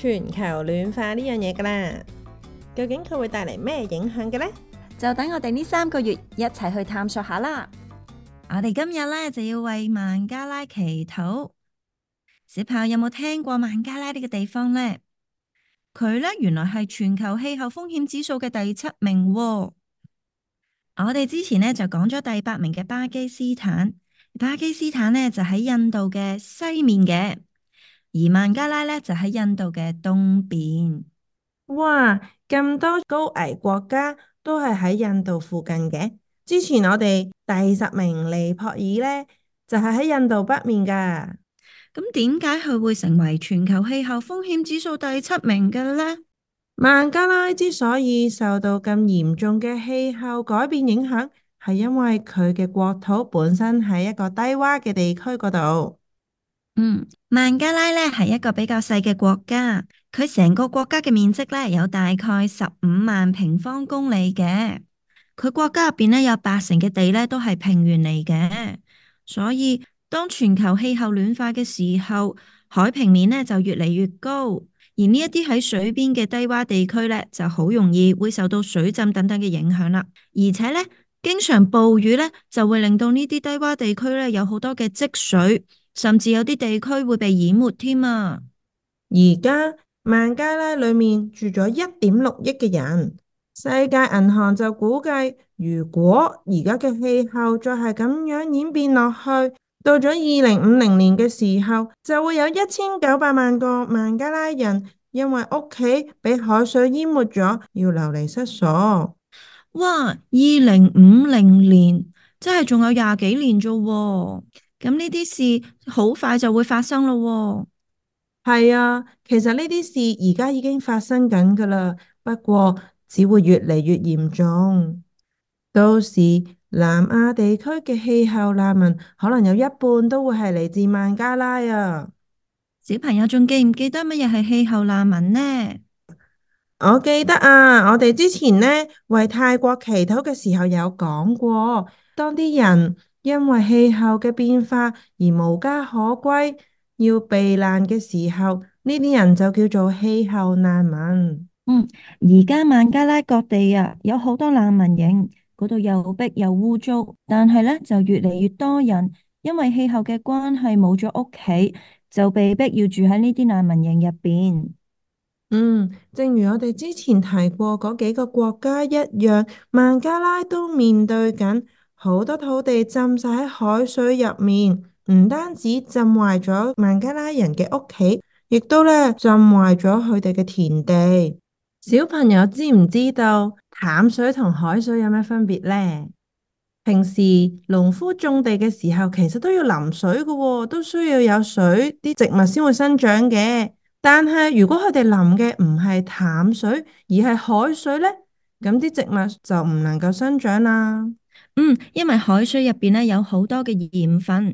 全球暖化呢樣嘢噶啦，究竟佢會帶嚟咩影響嘅呢？就等我哋呢三個月一齊去探索下啦。我哋今日咧就要為孟加拉祈禱。小朋友有冇聽過孟加拉呢個地方呢？佢咧原來係全球氣候風險指數嘅第七名喎。我哋之前咧就講咗第八名嘅巴基斯坦。巴基斯坦咧就喺印度嘅西面嘅。而孟加拉咧就喺印度嘅東邊，哇！咁多高危國家都係喺印度附近嘅。之前我哋第十名尼泊爾咧就係、是、喺印度北面噶。咁點解佢會成為全球氣候風險指數第七名嘅咧？孟加拉之所以受到咁嚴重嘅氣候改變影響，係因為佢嘅國土本身喺一個低洼嘅地區嗰度。嗯，孟加拉咧係一個比較細嘅國家，佢成個國家嘅面積咧有大概十五萬平方公里嘅，佢國家入邊咧有八成嘅地咧都係平原嚟嘅，所以當全球氣候暖化嘅時候，海平面咧就越嚟越高，而呢一啲喺水邊嘅低窪地區咧就好容易會受到水浸等等嘅影響啦，而且咧經常暴雨咧就會令到呢啲低窪地區咧有好多嘅積水。甚至有啲地區會被淹沒添啊！而家孟加拉裏面住咗一點六億嘅人，世界銀行就估計，如果而家嘅氣候再係咁樣演變落去，到咗二零五零年嘅時候，就會有一千九百萬個孟加拉人因為屋企被海水淹沒咗，要流離失所。哇！二零五零年，真係仲有廿幾年啫。咁呢啲事好快就會發生咯，哦，係啊，其實呢啲事而家已經發生緊噶啦，不過只會越嚟越嚴重。到時南亞地區嘅氣候難民可能有一半都會係嚟自孟加拉啊！小朋友仲記唔記得乜嘢係氣候難民呢？我記得啊，我哋之前呢，為泰國祈禱嘅時候有講過，當啲人。因為氣候嘅變化而無家可歸，要避難嘅時候，呢啲人就叫做氣候難民。嗯，而家孟加拉各地啊，有好多難民營，嗰度又逼又污糟，但係咧就越嚟越多人因為氣候嘅關係冇咗屋企，就被逼要住喺呢啲難民營入邊。嗯，正如我哋之前提過嗰幾個國家一樣，孟加拉都面對緊。好多土地浸曬喺海水入面，唔單止浸壞咗孟加拉人嘅屋企，亦都咧浸壞咗佢哋嘅田地。小朋友知唔知道淡水同海水有咩分別呢？平時農夫種地嘅時候，其實都要淋水㗎喎，都需要有水，啲植物先會生長嘅。但係如果佢哋淋嘅唔係淡水，而係海水呢，咁啲植物就唔能夠生長啦。嗯，因為海水入邊咧有好多嘅鹽分，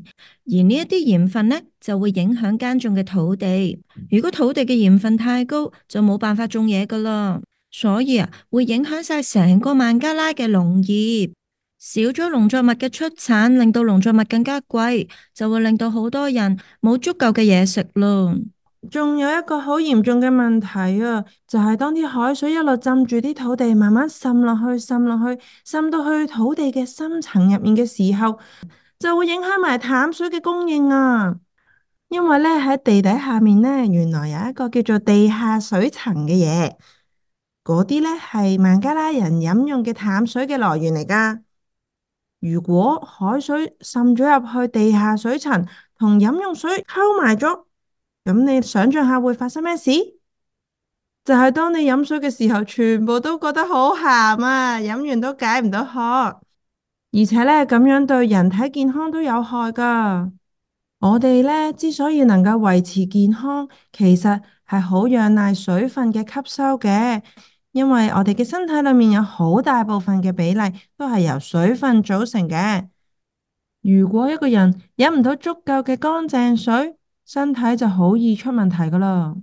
而呢一啲鹽分咧就會影響耕種嘅土地。如果土地嘅鹽分太高，就冇辦法種嘢噶啦，所以啊會影響晒成個孟加拉嘅農業，少咗農作物嘅出產，令到農作物更加貴，就會令到好多人冇足夠嘅嘢食咯。仲有一個好嚴重嘅問題啊，就係、是、當啲海水一路浸住啲土地，慢慢滲落去、滲落去、滲到去土地嘅深層入面嘅時候，就會影響埋淡水嘅供應啊！因為呢，喺地底下面呢，原來有一個叫做地下水層嘅嘢，嗰啲呢係孟加拉人飲用嘅淡水嘅來源嚟㗎。如果海水滲咗入去地下水層，同飲用水溝埋咗。咁你想象下會發生咩事？就係當你飲水嘅時候，全部都覺得好鹹啊！飲完都解唔到渴，而且呢，咁樣對人體健康都有害噶。我哋呢之所以能夠維持健康，其實係好仰賴水分嘅吸收嘅，因為我哋嘅身體裏面有好大部分嘅比例都係由水分組成嘅。如果一個人飲唔到足夠嘅乾淨水，身體就好易出問題噶啦，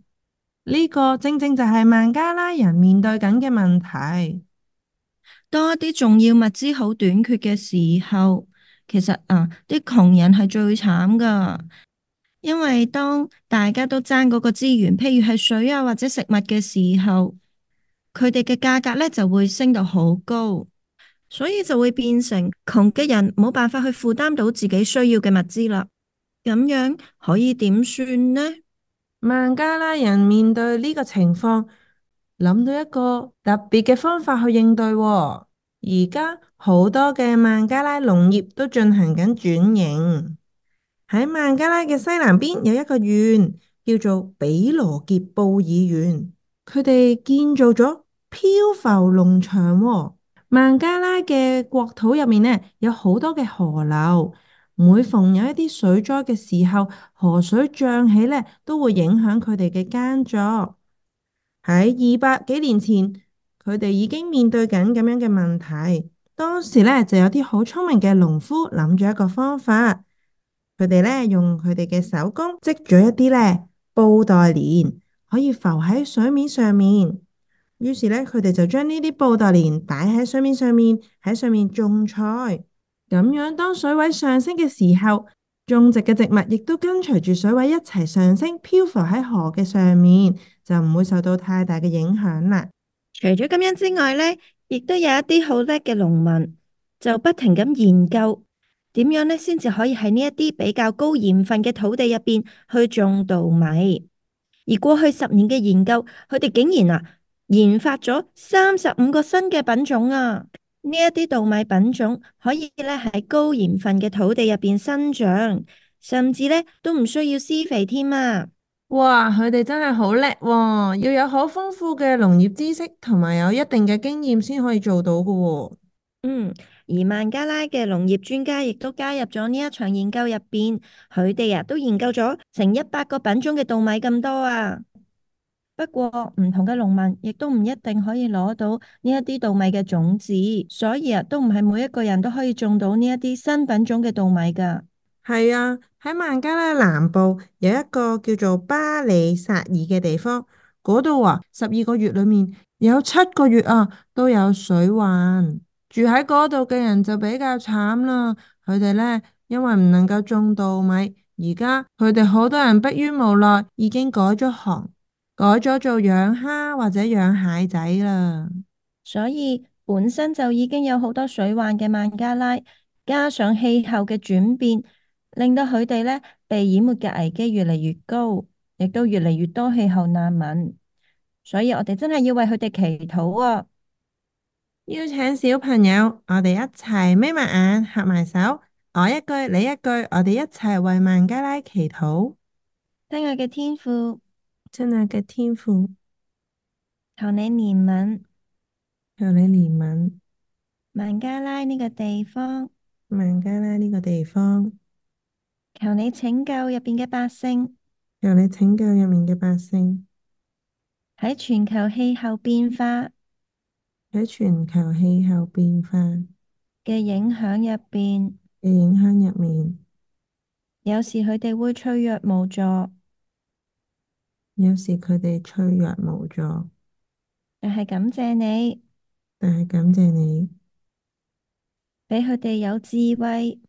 呢個正正就係孟加拉人面對緊嘅問題。當一啲重要物資好短缺嘅時候，其實啊，啲窮人係最慘噶，因為當大家都爭嗰個資源，譬如係水啊或者食物嘅時候，佢哋嘅價格呢就會升到好高，所以就會變成窮嘅人冇辦法去負擔到自己需要嘅物資啦。咁樣可以點算呢？孟加拉人面對呢個情況，諗到一個特別嘅方法去應對喎。而家好多嘅孟加拉農業都進行緊轉型。喺孟加拉嘅西南邊有一個縣叫做比羅傑布爾縣，佢哋建造咗漂浮農場喎。孟加拉嘅國土入面呢，有好多嘅河流。每逢有一啲水災嘅時候，河水漲起咧，都會影響佢哋嘅耕作。喺二百幾年前，佢哋已經面對緊咁樣嘅問題。當時咧就有啲好聰明嘅農夫諗咗一個方法，佢哋咧用佢哋嘅手工織咗一啲咧布袋蓮，可以浮喺水面上面。於是咧，佢哋就將呢啲布袋蓮擺喺水面上面，喺上面種菜。咁樣，當水位上升嘅時候，種植嘅植物亦都跟隨住水位一齊上升，漂浮喺河嘅上面，就唔會受到太大嘅影響啦。除咗咁樣之外呢，亦都有一啲好叻嘅農民，就不停咁研究點樣呢，先至可以喺呢一啲比較高鹽分嘅土地入邊去種稻米。而過去十年嘅研究，佢哋竟然啊研發咗三十五個新嘅品種啊！呢一啲稻米品種可以咧喺高鹽分嘅土地入邊生長，甚至咧都唔需要施肥添啊！哇，佢哋真係好叻，要有好豐富嘅農業知識同埋有一定嘅經驗先可以做到噶喎。嗯，而孟加拉嘅農業專家亦都加入咗呢一場研究入邊，佢哋啊都研究咗成一百個品種嘅稻米咁多啊！不過唔同嘅農民亦都唔一定可以攞到呢一啲稻米嘅種子，所以啊，都唔係每一個人都可以種到呢一啲新品種嘅稻米㗎。係啊，喺孟加拉南部有一個叫做巴里薩爾嘅地方，嗰度啊，十二個月裏面有七個月啊都有水患，住喺嗰度嘅人就比較慘啦。佢哋咧因為唔能夠種稻米，而家佢哋好多人迫於無奈，已經改咗行。改咗做養蝦或者養蟹仔啦，所以本身就已經有好多水患嘅孟加拉，加上氣候嘅轉變，令到佢哋呢被淹沒嘅危機越嚟越高，亦都越嚟越多氣候難民。所以我哋真係要為佢哋祈禱啊！邀請小朋友，我哋一齊眯埋眼，合埋手，我一句你一句，我哋一齊為孟加拉祈禱。親愛嘅天父，親愛嘅天父，求你憐憫，求你憐憫，孟加拉呢個地方，孟加拉呢個地方，求你拯救入邊嘅百姓，求你拯救入面嘅百姓，喺全球氣候變化，喺全球氣候變化嘅影響入邊，嘅影響入面，有時佢哋會脆弱無助。有時佢哋脆弱無助，但係感謝你，但係感謝你，畀佢哋有智慧，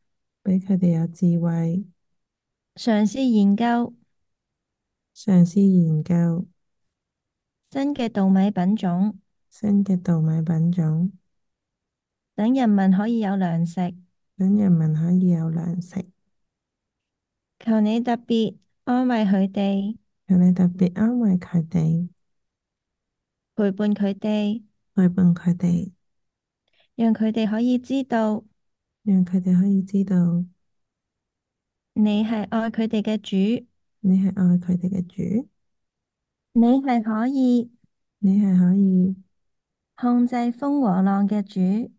畀佢哋有智慧，嘗試研究，嘗試研究，新嘅稻米品種，新嘅稻米品種，等人民可以有糧食，等人民可以有糧食，求你特別安慰佢哋。讓你特別安慰佢哋，陪伴佢哋，陪伴佢哋，讓佢哋可以知道，讓佢哋可以知道，你係愛佢哋嘅主，你係愛佢哋嘅主，你係可以，你係可以控制風和浪嘅主，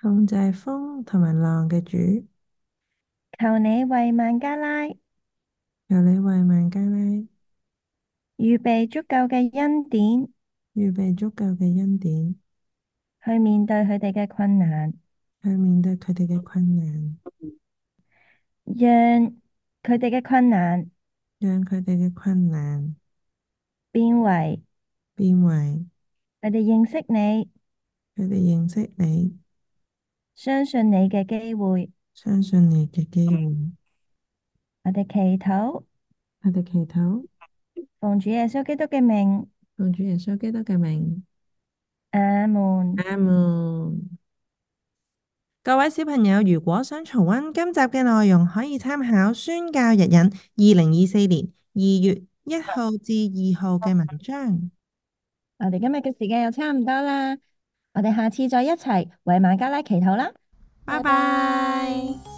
控制風同埋浪嘅主，求你為孟加拉，求你為孟加拉。預備足夠嘅恩典，預備足夠嘅恩典，去面對佢哋嘅困難，去面對佢哋嘅困難，讓佢哋嘅困難，讓佢哋嘅困難變為，變為佢哋認識你，佢哋認識你，相信你嘅機會，相信你嘅機會。嗯，我哋祈禱，我哋祈禱。奉主耶穌基督嘅名，奉主耶穌基督嘅名，阿門，阿門。各位小朋友，如果想重温今集嘅內容，可以參考《宣教日引》二零二四年二月一號至二號嘅文章。嗯嗯、我哋今日嘅時間又差唔多啦，我哋下次再一齊為孟加拉祈禱啦，拜拜。